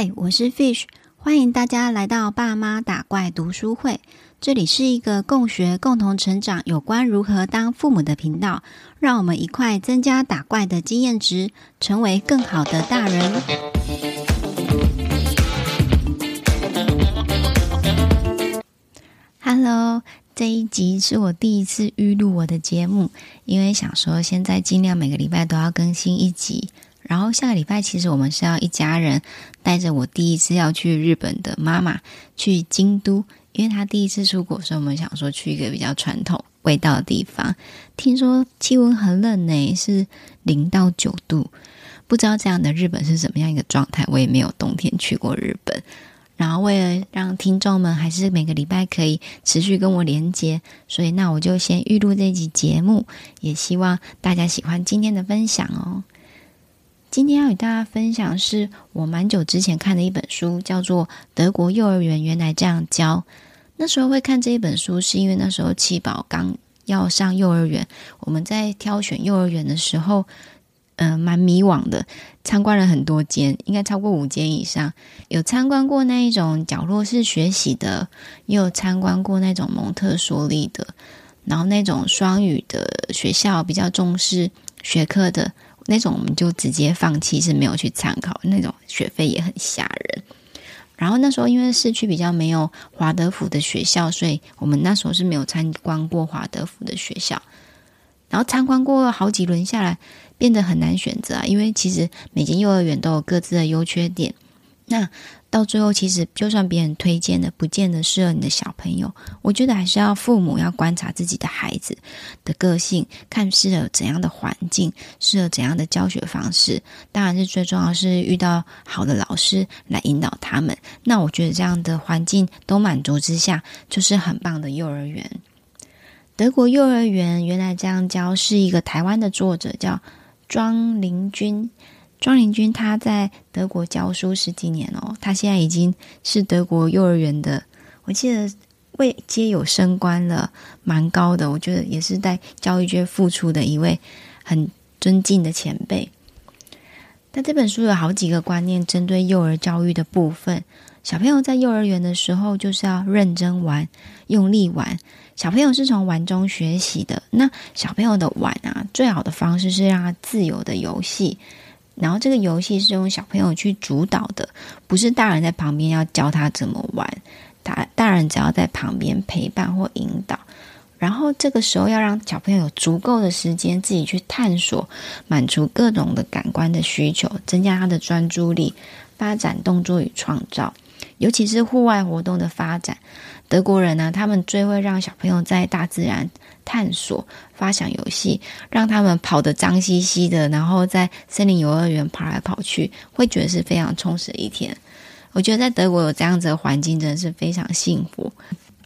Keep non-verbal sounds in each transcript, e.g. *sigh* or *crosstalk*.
嗨，Hi, 我是 Fish，歡迎大家來到爸媽打怪讀書會。這裡是一個共學、共同成長，有關如何當父母的頻道，讓我們一塊增加打怪的經驗值，成為更好的大人。Hello，這一集是我第一次預錄我的節目，因為想說現在盡量每個禮拜都要更新一集。然後下個禮拜，其實我們是要一家人帶着我第一次要去日本的媽媽去京都，因為她第一次出國，所以我們想說去一個比較傳統味道的地方。聽說氣溫很冷呢、欸，是零到九度，不知道這樣的日本是什麼樣一個狀態。我也沒有冬天去過日本。然後為了讓聽眾們還是每個禮拜可以持續跟我連接，所以那我就先預錄這集節目，也希望大家喜歡今天的分享哦。今天要與大家分享是我蠻久之前看的一本書，叫做《德國幼兒園原來這樣教》。那時候會看這一本書，是因為那時候七寶剛要上幼兒園，我們在挑選幼兒園的時候，嗯、呃，蠻迷惘的，參觀了很多間，應該超過五間以上。有參觀過那一種角落式學習的，也有參觀過那種蒙特梭利的，然後那種雙語的學校，比較重視學科的。那種我們就直接放棄，是沒有去參考。那種學費也很嚇人。然後那時候因為市區比較沒有華德福的學校，所以我們那時候是沒有參觀過華德福的學校。然後參觀過好幾輪下來，變得很難選擇啊，因為其實每間幼兒園都有各自的優缺點。那到最後，其實就算別人推薦的，不見得適合你的小朋友。我覺得還是要父母要觀察自己的孩子的個性，看適合怎樣的環境，適合怎樣的教學方式。當然是最重要是遇到好的老師來引導他們。那我覺得這樣的環境都滿足之下，就是很棒的幼兒園。德國幼兒園原來這樣教，是一個台灣的作者叫莊琳君。莊琳君他在德國教書十幾年哦，他現在已經是德國幼兒園的，我記得位階有升官了，蠻高的。我覺得也是在教育界，付出的一位很尊敬的前輩。那這本書有好幾個觀念針對幼兒教育的部分。小朋友在幼兒園的時候就是要認真玩，用力玩。小朋友是從玩中學習的。那小朋友的玩啊，最好的方式是讓他自由的遊戲。然後這個遊戲是用小朋友去主導的，不是大人在旁邊要教他怎麼玩，大大人只要在旁邊陪伴或引導。然後這個時候要讓小朋友有足夠的時間自己去探索，滿足各種的感官的需求，增加他的專注力，發展動作與創造，尤其是戶外活動的發展。德國人呢，他們最會讓小朋友在大自然探索。發想遊戲，讓他們跑得髒兮兮的，然後在森林遊樂園跑來跑去，會覺得是非常充實的一天。我覺得在德國有這樣子的環境，真的是非常幸福。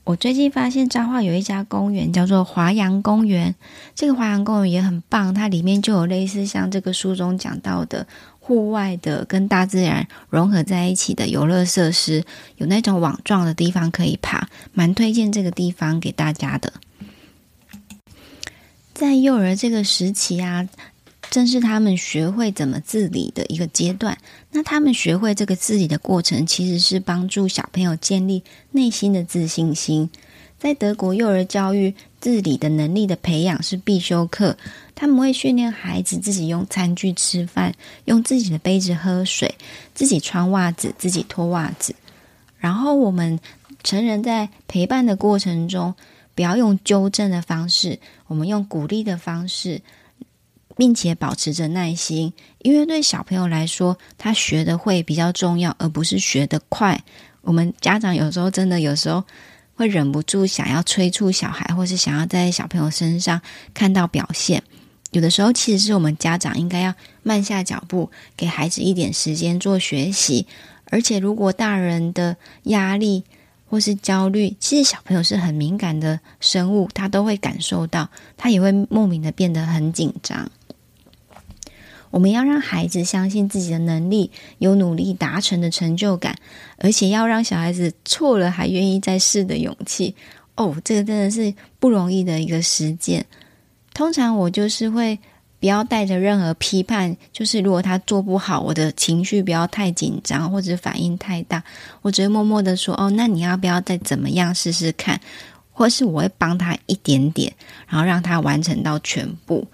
我最近發現彰化有一家公園叫做華陽公園，這個華陽公園也很棒，它裡面就有類似像這個書中講到的戶外的跟大自然融合在一起的遊樂設施，有那種網狀的地方可以爬，蠻推薦這個地方給大家的。在幼兒這個時期啊，正是他們學會怎麼自理的一個階段。那他們學會這個自理的過程，其實是幫助小朋友建立內心的自信心。在德國，幼兒教育自理的能力的培養是必修課。他們會訓練孩子自己用餐具吃飯，用自己的杯子喝水，自己穿襪子，自己脫襪子。然後，我們成人在陪伴的過程中。不要用糾正的方式，我們用鼓勵的方式，並且保持着耐心，因為對小朋友來說，他學得會比較重要，而不是學得快。我們家長有時候真的有時候會忍不住想要催促小孩，或是想要在小朋友身上看到表現。有的時候，其實是我們家長應該要慢下腳步，給孩子一點時間做學習。而且，如果大人的壓力。或是焦慮，其實小朋友是很敏感的生物，他都會感受到，他也會莫名的變得很緊張。我們要讓孩子相信自己的能力，有努力達成的成就感，而且要讓小孩子錯了還願意再試的勇氣。哦，這個真的是不容易的一個實踐。通常我就是會。不要帶着任何批判，就是如果他做不好，我的情緒不要太緊張或者反應太大，我只會默默的說：“哦，那你要不要再怎麼樣試試看？”或是我會幫他一點點，然後讓他完成到全部。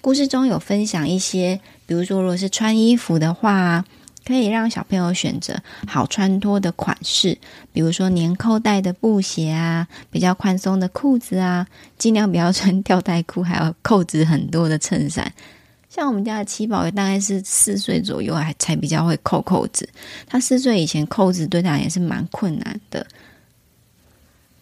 故事中有分享一些，比如說，如果是穿衣服的話啊。可以讓小朋友選擇好穿脫的款式，比如說黏扣帶的布鞋啊，比較寬鬆的褲子啊，盡量不要穿吊帶褲，還有扣子很多的襯衫。像我們家的七寶大概是四歲左右還，還才比較會扣扣子。他四歲以前扣子對他也是蠻困難的。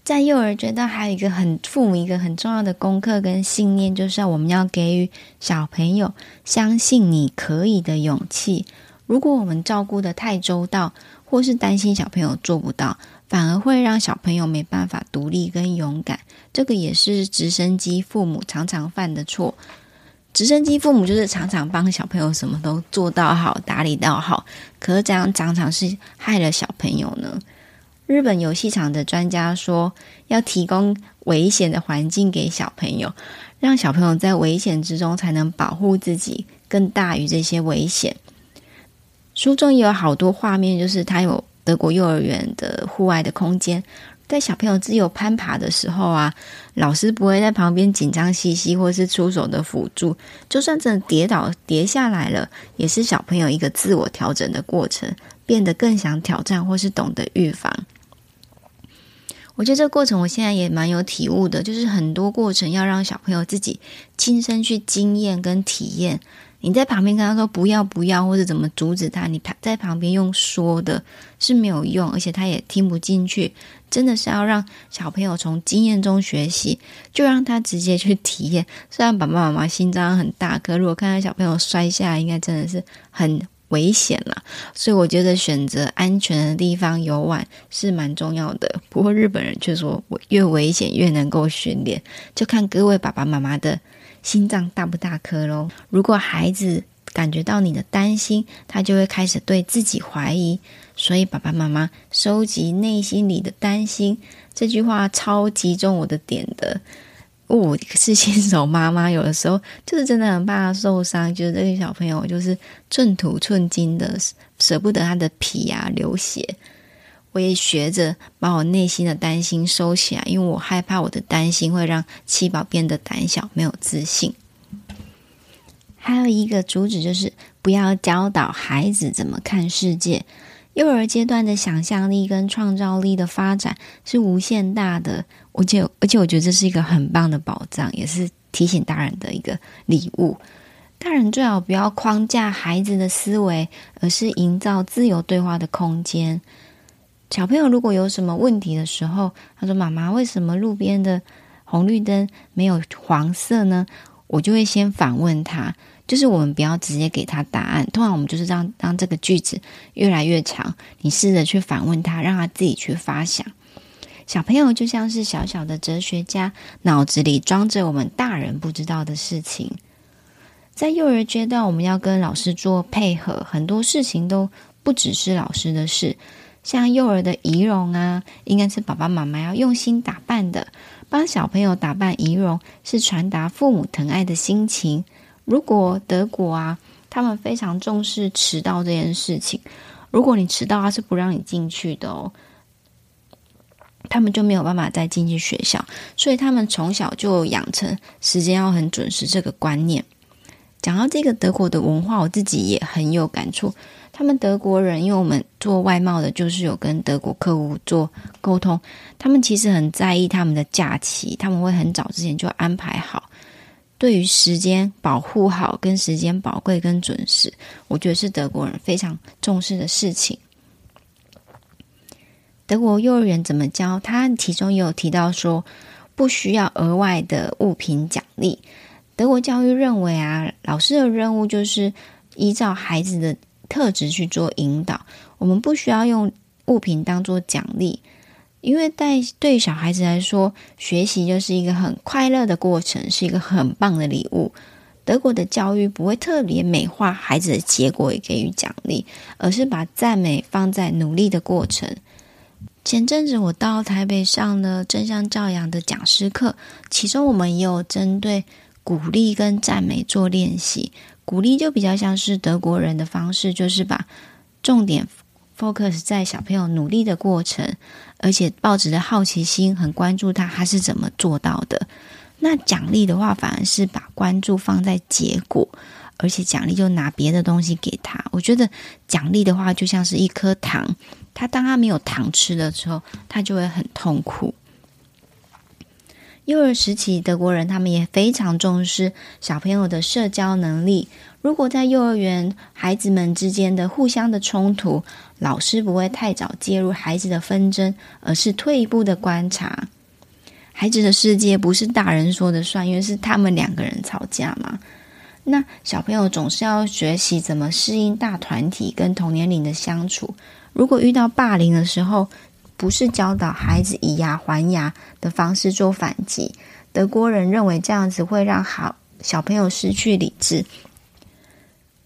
在幼兒階段，還有一個很父母一個很重要的功課跟信念，就是我們要給予小朋友相信你可以的勇氣。如果我們照顧得太周到，或是擔心小朋友做不到，反而會讓小朋友沒辦法獨立跟勇敢。這個也是直升機父母常常犯的錯。直升機父母就是常常幫小朋友什麼都做到好，打理到好，可是這樣常常是害了小朋友呢。日本遊戲場的專家說，要提供危險的環境給小朋友，讓小朋友在危險之中才能保護自己，更大於這些危險。書中也有好多畫面，就是他有德國幼兒園的戶外的空間，在小朋友自由攀爬的時候啊，老師不會在旁邊緊張兮兮，或是出手的輔助。就算真的跌倒跌下來了，也是小朋友一個自我調整的過程，變得更想挑戰，或是懂得預防。我覺得這個過程，我現在也蠻有體悟的，就是很多過程要讓小朋友自己親身去經驗跟體驗。你在旁邊跟他說不要不要，或者怎麼阻止他？你在旁邊用說的是沒有用，而且他也聽不進去。真的是要讓小朋友從經驗中學習，就讓他直接去體驗。雖然爸爸媽媽心臟很大，可如果看到小朋友摔下來，應該真的是很危險了。所以我覺得選擇安全的地方遊玩是蠻重要的。不過日本人卻說越危險越能夠訓練，就看各位爸爸媽媽的，心臟大不大顆咯。如果孩子感覺到你的擔心，他就會開始對自己懷疑，所以爸爸媽媽收集內心裡的擔心，這句話超擊中我的點的。我、哦、是新手媽媽，有的時候就是真的很怕他受傷，就是這個小朋友就是寸土寸金的，捨不得他的皮啊流血。我也學着把我內心的擔心收起來，因為我害怕我的擔心會讓七寶變得膽小、沒有自信。還有一個主旨就是不要教導孩子怎麼看世界。幼兒階段的想象力跟創造力的發展是無限大的，而且而且我覺得這是一個很棒的寶藏，也是提醒大人的一個禮物。大人最好不要框架孩子的思維，而是營造自由對話的空間。小朋友如果有什麼問題的時候，他說：“媽媽，為什麼路邊的紅綠燈沒有黃色呢？”我就會先反問他，就是我們不要直接給他答案，通常我們就是讓讓這個句子越來越長，你試着去反問他，讓他自己去發想。小朋友就像是小小的哲學家，腦子裡裝着我們大人不知道的事情。在幼兒階段，我們要跟老師做配合，很多事情都不只是老師的事。像幼兒的儀容啊，應該是爸爸媽媽要用心打扮的。幫小朋友打扮儀容，是傳達父母疼愛的心情。如果德國啊，他們非常重視遲到這件事情，如果你遲到，他是不讓你進去的哦。他們就沒有辦法再進去學校，所以他們從小就養成時間要很準時這個觀念。講到這個德國的文化，我自己也很有感觸。他們德國人，因為我們做外貿的，就是有跟德國客戶做溝通。他們其實很在意他們的假期，他們會很早之前就安排好。對於時間保護好，跟時間寶貴跟準時，我覺得是德國人非常重視的事情。德國幼兒園怎麼教？他其中也有提到說，不需要額外的物品獎勵。德國教育認為啊，老師的任務就是依照孩子的。特質去做引導，我們不需要用物品當做獎勵，因為對對小孩子來說，學習就是一個很快樂的過程，是一個很棒的禮物。德國的教育不會特別美化孩子的結果，也給予獎勵，而是把讚美放在努力的過程。前陣子我到台北上了正向教養的講師課，其中我們也有針對鼓勵跟讚美做練習。鼓勵就比較像是德國人的方式，就是把重點 focus 在小朋友努力的過程，而且抱持著好奇心很關注他，他是怎麼做到的。那獎勵的話，反而是把關注放在結果，而且獎勵就拿別的東西給他。我覺得獎勵的話，就像是一顆糖，他，當他沒有糖吃的時候，他就會很痛苦。幼兒時期，德國人他們也非常重視小朋友的社交能力。如果在幼兒園，孩子們之間的互相的衝突，老師不會太早介入孩子的紛爭，而是退一步的觀察。孩子的世界不是大人說的算，因為是他們兩個人吵架嘛。那小朋友總是要學習怎麼適應大團體跟同年齡的相處。如果遇到霸凌的時候，不是教導孩子以牙還牙的方式做反擊。德國人認為這樣子會讓好小朋友失去理智，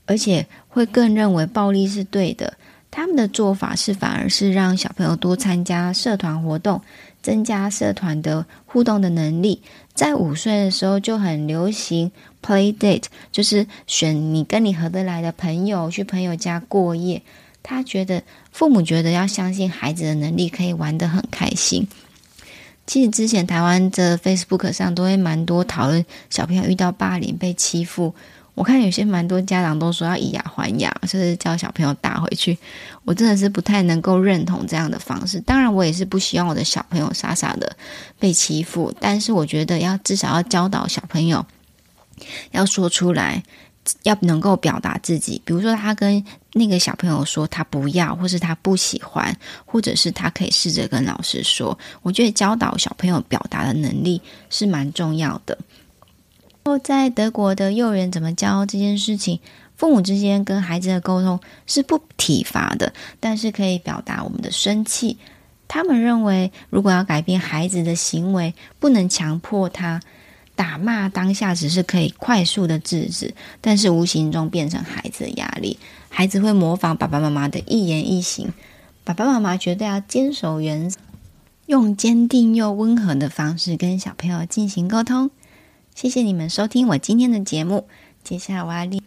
而且會更認為暴力是對的。他們的做法是反而是讓小朋友多參加社團活動，增加社團的互動的能力。在五歲的時候就很流行 play date，就是選你跟你合得來的朋友去朋友家過夜。他覺得。父母覺得要相信孩子的能力，可以玩得很開心。其實之前台灣的 Facebook 上都會蠻多討論小朋友遇到霸凌被欺負，我看有些蠻多家長都說要以牙還牙，就是叫小朋友打回去。我真的是不太能夠認同這樣的方式。當然，我也是不希望我的小朋友傻傻的被欺負，但是我覺得要至少要教導小朋友要說出來。要能夠表達自己，比如說他跟那個小朋友說他不要，或是他不喜歡，或者是他可以試着跟老師說。我覺得教導小朋友表達的能力是蠻重要的。在德國的幼兒園怎麼教這件事情？父母之間跟孩子的溝通是不體罰的，但是可以表達我們的生氣。他們認為，如果要改變孩子的行為，不能強迫他。打罵當下只是可以快速的制止，但是無形中變成孩子的壓力。孩子會模仿爸爸媽媽的一言一行，爸爸媽媽絕對要堅守原則，用堅定又溫和的方式跟小朋友進行溝通。謝謝你們收聽我今天的節目，接下來我要念，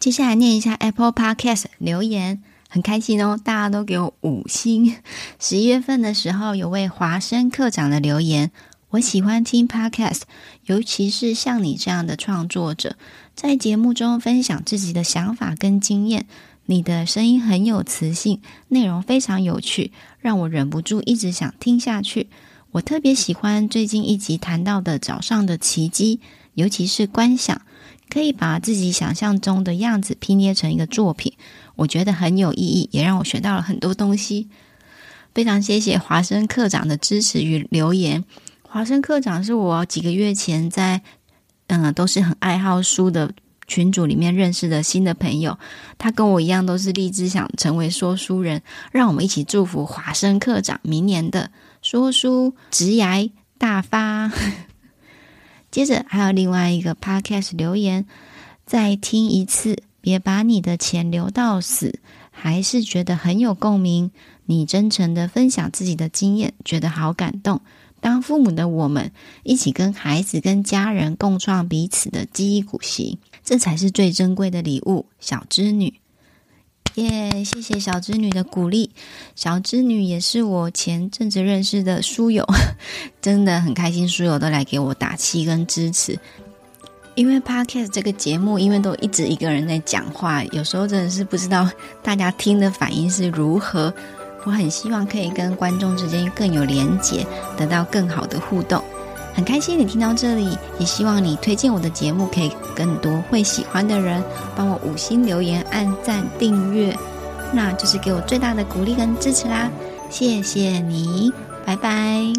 接下來念一下 Apple Podcast 留言，很開心哦，大家都給我五星。十一月份的時候，有位華生課長的留言。我喜歡聽 Podcast，尤其是像你這樣的創作者，在節目中分享自己的想法跟經驗。你的聲音很有磁性，內容非常有趣，讓我忍不住一直想聽下去。我特別喜歡最近一集談到的早上的奇蹟，尤其是觀想，可以把自己想象中的樣子拼捏成一個作品，我覺得很有意義，也讓我學到了很多東西。非常謝謝華生課長的支持與留言。華生課長是我幾個月前在嗯，都是很愛好書的群組裡面認識的新的朋友，他跟我一樣都是立志想成為說書人，讓我們一起祝福華生課長明年的說書直言大發。 *laughs* 接着還有另外一個 podcast 留言，再聽一次，別把你的錢留到死，還是覺得很有共鳴。你真誠地分享自己的經驗，覺得好感動。當父母的我們，一起跟孩子、跟家人共創彼此的記憶古髓，這才是最珍貴的禮物。小織女，耶、yeah！謝謝小織女的鼓勵。小織女也是我前陣子認識的書友,真的很開心，書友都來給我打氣跟支持。因為 Podcast 這個節目，因為都一直一個人在講話，有時候真的是不知道大家聽的反應是如何。我很希望可以跟觀眾之間更有連結，得到更好的互動。很開心你聽到這裡，也希望你推薦我的節目，可以更多會喜歡的人幫我五星留言、按讚、訂閱，那就是給我最大的鼓勵跟支持啦！謝謝你，拜拜。